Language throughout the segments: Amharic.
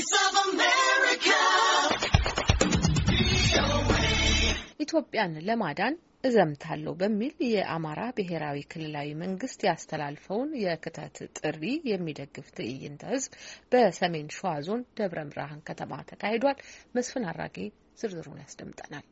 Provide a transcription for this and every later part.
Voice of America. ኢትዮጵያን ለማዳን እዘምታለሁ በሚል የአማራ ብሔራዊ ክልላዊ መንግስት ያስተላልፈውን የክተት ጥሪ የሚደግፍ ትዕይንተ ህዝብ በሰሜን ሸዋ ዞን ደብረ ብርሃን ከተማ ተካሂዷል። መስፍን አራጌ ዝርዝሩን ያስደምጠናል።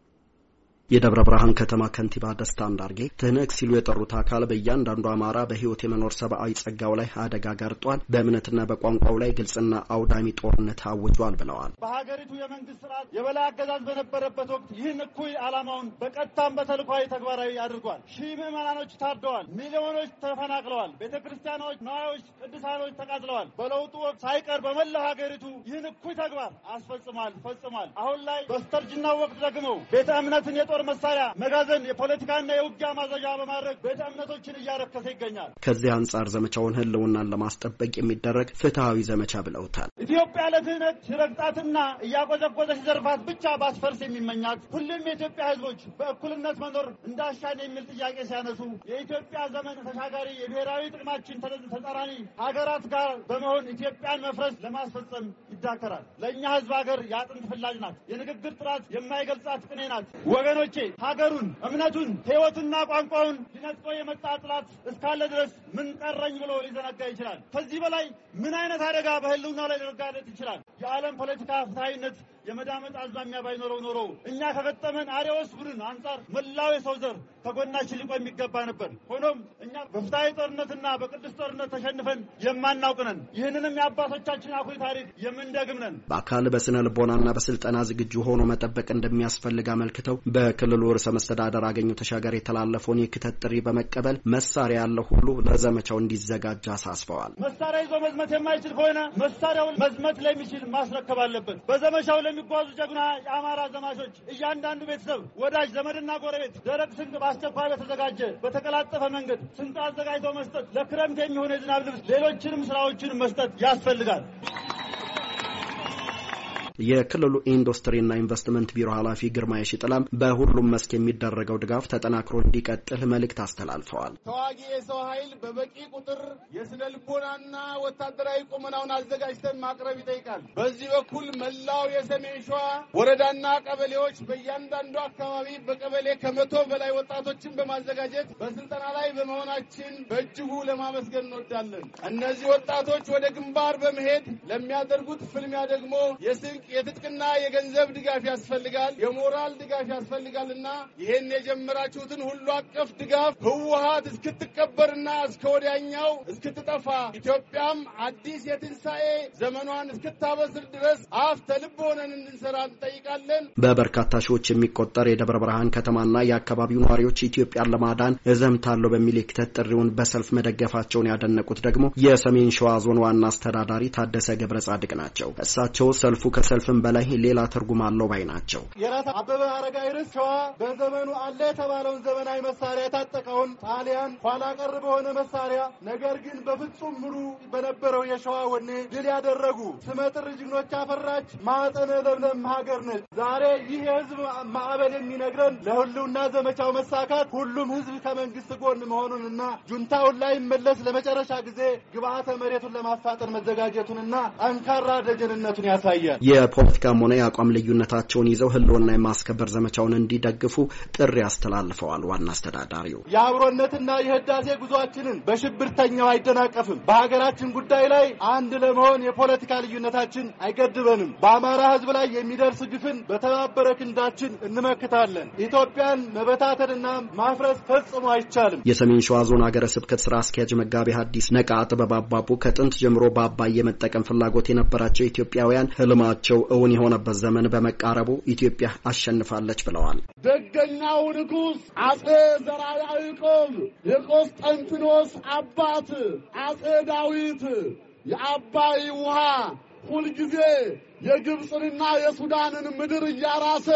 የደብረ ብርሃን ከተማ ከንቲባ ደስታ አንዳርጌ ትህነግ ሲሉ የጠሩት አካል በእያንዳንዱ አማራ በህይወት የመኖር ሰብአዊ ጸጋው ላይ አደጋ ጋርጧል፣ በእምነትና በቋንቋው ላይ ግልጽና አውዳሚ ጦርነት አውጇል ብለዋል። በሀገሪቱ የመንግስት ስርዓት የበላይ አገዛዝ በነበረበት ወቅት ይህን እኩይ ዓላማውን በቀጥታም በተልኳዊ ተግባራዊ አድርጓል። ሺህ ምዕመናኖች ታርደዋል፣ ሚሊዮኖች ተፈናቅለዋል፣ ቤተ ክርስቲያኖች፣ ነዋዮች፣ ቅዱሳኖች ተቃጥለዋል። በለውጡ ወቅት ሳይቀር በመላው ሀገሪቱ ይህን እኩይ ተግባር አስፈጽሟል፣ ፈጽሟል። አሁን ላይ በስተርጅናው ወቅት ደግሞ ቤተ እምነትን የጦር የጦር መሳሪያ መጋዘን፣ የፖለቲካና የውጊያ ማዘዣ በማድረግ ቤተ እምነቶችን እያረከሰ ይገኛል። ከዚህ አንጻር ዘመቻውን ህልውናን ለማስጠበቅ የሚደረግ ፍትሐዊ ዘመቻ ብለውታል። ኢትዮጵያ ለትህነት ሲረግጣትና እያቆዘቆዘች ዘርፋት ብቻ ባስፈርስ የሚመኛት ሁሉም የኢትዮጵያ ህዝቦች በእኩልነት መኖር እንዳሻን የሚል ጥያቄ ሲያነሱ የኢትዮጵያ ዘመን ተሻጋሪ የብሔራዊ ጥቅማችን ተጠራኒ ሀገራት ጋር በመሆን ኢትዮጵያን መፍረስ ለማስፈጸም ይዳከራል። ለእኛ ህዝብ ሀገር የአጥንት ፍላጅ ናት። የንግግር ጥራት የማይገልጻት ቅኔ ናት። ወገኖች ወገኖቼ ሀገሩን፣ እምነቱን፣ ሕይወቱንና ቋንቋውን ሊነጥቆ የመጣ ጥላት እስካለ ድረስ ምን ቀረኝ ብሎ ሊዘነጋ ይችላል? ከዚህ በላይ ምን አይነት አደጋ በህልውና ላይ ሊረጋለት ይችላል? የዓለም ፖለቲካ ፍትሐዊነት የመዳመጥ አዝማሚያ ባይኖረው ኖሮ እኛ ከገጠመን አሪዎስ ቡድን አንጻር መላው የሰው ዘር ከጎናችን ሊቆም የሚገባ ነበር። ሆኖም እኛ በፍትሐዊ ጦርነትና በቅዱስ ጦርነት ተሸንፈን የማናውቅ ነን። ይህንንም የአባቶቻችን አኩሪ ታሪክ የምንደግም ነን። በአካል በስነ ልቦናና በስልጠና ዝግጁ ሆኖ መጠበቅ እንደሚያስፈልግ አመልክተው በክልሉ ርዕሰ መስተዳደር አገኘሁ ተሻገር የተላለፈውን የክተት ጥሪ በመቀበል መሳሪያ ያለው ሁሉ ለዘመቻው እንዲዘጋጅ አሳስበዋል። መሳሪያ ይዞ መዝመት የማይችል ከሆነ መሳሪያውን መዝመት ለሚችል ማስረከብ አለበት። በዘመቻው ለሚ የሚጓዙ ጀግና የአማራ ዘማቾች እያንዳንዱ ቤተሰብ ወዳጅ ዘመድና ጎረቤት ደረቅ ስንቅ በአስቸኳይ በተዘጋጀ በተቀላጠፈ መንገድ ስንቅ አዘጋጅተው መስጠት፣ ለክረምት የሚሆን የዝናብ ልብስ፣ ሌሎችንም ስራዎችን መስጠት ያስፈልጋል። የክልሉ ኢንዱስትሪና ኢንቨስትመንት ቢሮ ኃላፊ ግርማ የሺጥላም በሁሉም መስክ የሚደረገው ድጋፍ ተጠናክሮ እንዲቀጥል መልእክት አስተላልፈዋል። ተዋጊ የሰው ኃይል በበቂ ቁጥር የስነ ልቦናና ወታደራዊ ቁመናውን አዘጋጅተን ማቅረብ ይጠይቃል። በዚህ በኩል መላው የሰሜን ሸዋ ወረዳና ቀበሌዎች በእያንዳንዱ አካባቢ በቀበሌ ከመቶ በላይ ወጣቶችን በማዘጋጀት በስልጠና ላይ በመሆናችን በእጅጉ ለማመስገን እንወዳለን። እነዚህ ወጣቶች ወደ ግንባር በመሄድ ለሚያደርጉት ፍልሚያ ደግሞ የስንቅ የትጥቅና የገንዘብ ድጋፍ ያስፈልጋል፣ የሞራል ድጋፍ ያስፈልጋል እና ይህን የጀመራችሁትን ሁሉ አቀፍ ድጋፍ ህወሀት እስክትቀበርና እስከ ወዲያኛው እስክትጠፋ ኢትዮጵያም አዲስ የትንሣኤ ዘመኗን እስክታበስር ድረስ አፍ ተልብ ሆነን እንድንሰራ እንጠይቃለን። በበርካታ ሺዎች የሚቆጠር የደብረ ብርሃን ከተማና የአካባቢው ነዋሪዎች ኢትዮጵያን ለማዳን እዘምታለሁ በሚል የክተት ጥሪውን በሰልፍ መደገፋቸውን ያደነቁት ደግሞ የሰሜን ሸዋ ዞን ዋና አስተዳዳሪ ታደሰ ገብረ ጻድቅ ናቸው። እሳቸው ሰልፉ ከሰ ሰልፍም በላይ ሌላ ትርጉም አለው ባይ ናቸው። የራስ አበበ አረጋ ርዕስ ሸዋ በዘመኑ አለ የተባለውን ዘመናዊ መሳሪያ የታጠቀውን ጣሊያን ኋላ ቀር በሆነ መሳሪያ ነገር ግን በፍጹም ሙሉ በነበረው የሸዋ ወኔ ድል ያደረጉ ስመጥር ጀግኖች አፈራች ማዕጠነ ለምለም ሀገር ነች። ዛሬ ይህ የህዝብ ማዕበል የሚነግረን ለህልውና ዘመቻው መሳካት ሁሉም ህዝብ ከመንግስት ጎን መሆኑንና ጁንታውን ላይ መለስ ለመጨረሻ ጊዜ ግብአተ መሬቱን ለማፋጠን መዘጋጀቱንና ጠንካራ ደጀንነቱን ያሳያል። የፖለቲካም ሆነ የአቋም ልዩነታቸውን ይዘው ህልውና የማስከበር ዘመቻውን እንዲደግፉ ጥሪ አስተላልፈዋል። ዋና አስተዳዳሪው የአብሮነትና የህዳሴ ጉዟችንን በሽብርተኛው አይደናቀፍም፣ በሀገራችን ጉዳይ ላይ አንድ ለመሆን የፖለቲካ ልዩነታችን አይገድበንም፣ በአማራ ህዝብ ላይ የሚደርስ ግፍን በተባበረ ክንዳችን እንመክታለን። ኢትዮጵያን መበታተንና ማፍረስ ፈጽሞ አይቻልም። የሰሜን ሸዋ ዞን ሀገረ ስብከት ስራ አስኪያጅ መጋቤ ሐዲስ ነቃ ጥበብ አባቡ ከጥንት ጀምሮ በአባይ የመጠቀም ፍላጎት የነበራቸው ኢትዮጵያውያን ህልማቸው ግባቸው እውን የሆነበት ዘመን በመቃረቡ ኢትዮጵያ አሸንፋለች ብለዋል። ደገኛው ንጉሥ አጼ ዘርዓ ያዕቆብ የቆስጠንጢኖስ አባት አጼ ዳዊት የአባይ ውሃ ሁልጊዜ የግብፅንና የሱዳንን ምድር እያራሰ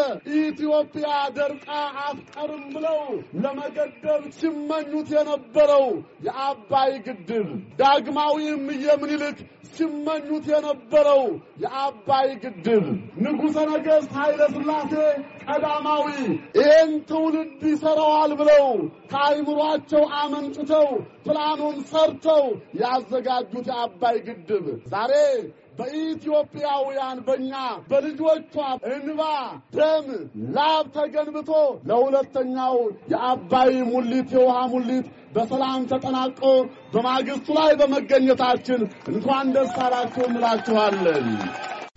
ኢትዮጵያ ደርቃ አትቀርም ብለው ለመገደብ ሲመኙት የነበረው የአባይ ግድብ ዳግማዊ እምዬ ምኒልክ ሲመኙት የነበረው የአባይ ግድብ ንጉሠ ነገሥት ኃይለ ሥላሴ ቀዳማዊ ይህን ትውልድ ይሠራዋል ብለው ከአይምሯቸው አመንጭተው ፕላኑን ሰርተው ያዘጋጁት የአባይ ግድብ ዛሬ በኢትዮጵያውያን በእኛ በልጆቿ እንባ ደም ላብ ተገንብቶ ለሁለተኛው የአባይ ሙሊት የውሃ ሙሊት በሰላም ተጠናቆ በማግስቱ ላይ በመገኘታችን እንኳን ደስ አላችሁ እንላችኋለን።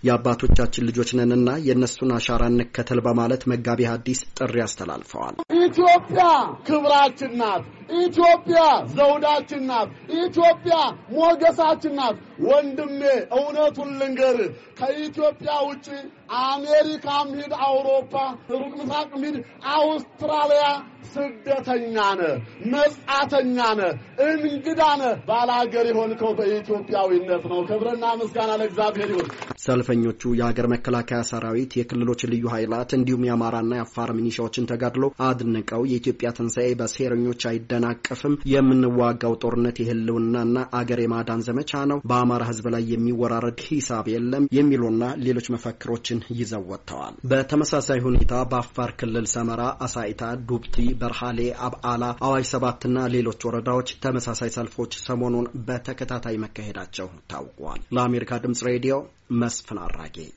የአባቶቻችን ልጆች ነንና የእነሱን አሻራ እንከተል በማለት መጋቢ ሐዲስ ጥሪ አስተላልፈዋል። ኢትዮጵያ ክብራችን ናት። ኢትዮጵያ ዘውዳችን ናት። ኢትዮጵያ ሞገሳችን ናት። ወንድሜ እውነቱን ልንገር፣ ከኢትዮጵያ ውጭ አሜሪካ ሂድ፣ አውሮፓ፣ ሩቅ ምስራቅ ሂድ፣ አውስትራሊያ ስደተኛ ነ፣ መጻተኛ ነ፣ እንግዳ ነ። ባላገር የሆንከው በኢትዮጵያዊነት ነው። ክብርና ምስጋና ለእግዚአብሔር ይሁን። ሰልፈኞቹ የሀገር መከላከያ ሰራዊት፣ የክልሎች ልዩ ኃይላት እንዲሁም የአማራና የአፋር ሚኒሻዎችን ተጋድሎ አድንቀው የኢትዮጵያ ትንሣኤ በሴረኞች አይደ እንዲደናቀፍም የምንዋጋው ጦርነት የህልውናና አገር የማዳን ዘመቻ ነው። በአማራ ህዝብ ላይ የሚወራረድ ሂሳብ የለም የሚሉና ሌሎች መፈክሮችን ይዘው ወጥተዋል። በተመሳሳይ ሁኔታ በአፋር ክልል ሰመራ፣ አሳይታ፣ ዱብቲ፣ በርሃሌ፣ አብዓላ፣ አዋሽ ሰባትና ሌሎች ወረዳዎች ተመሳሳይ ሰልፎች ሰሞኑን በተከታታይ መካሄዳቸው ታውቋል። ለአሜሪካ ድምጽ ሬዲዮ መስፍን አራጌ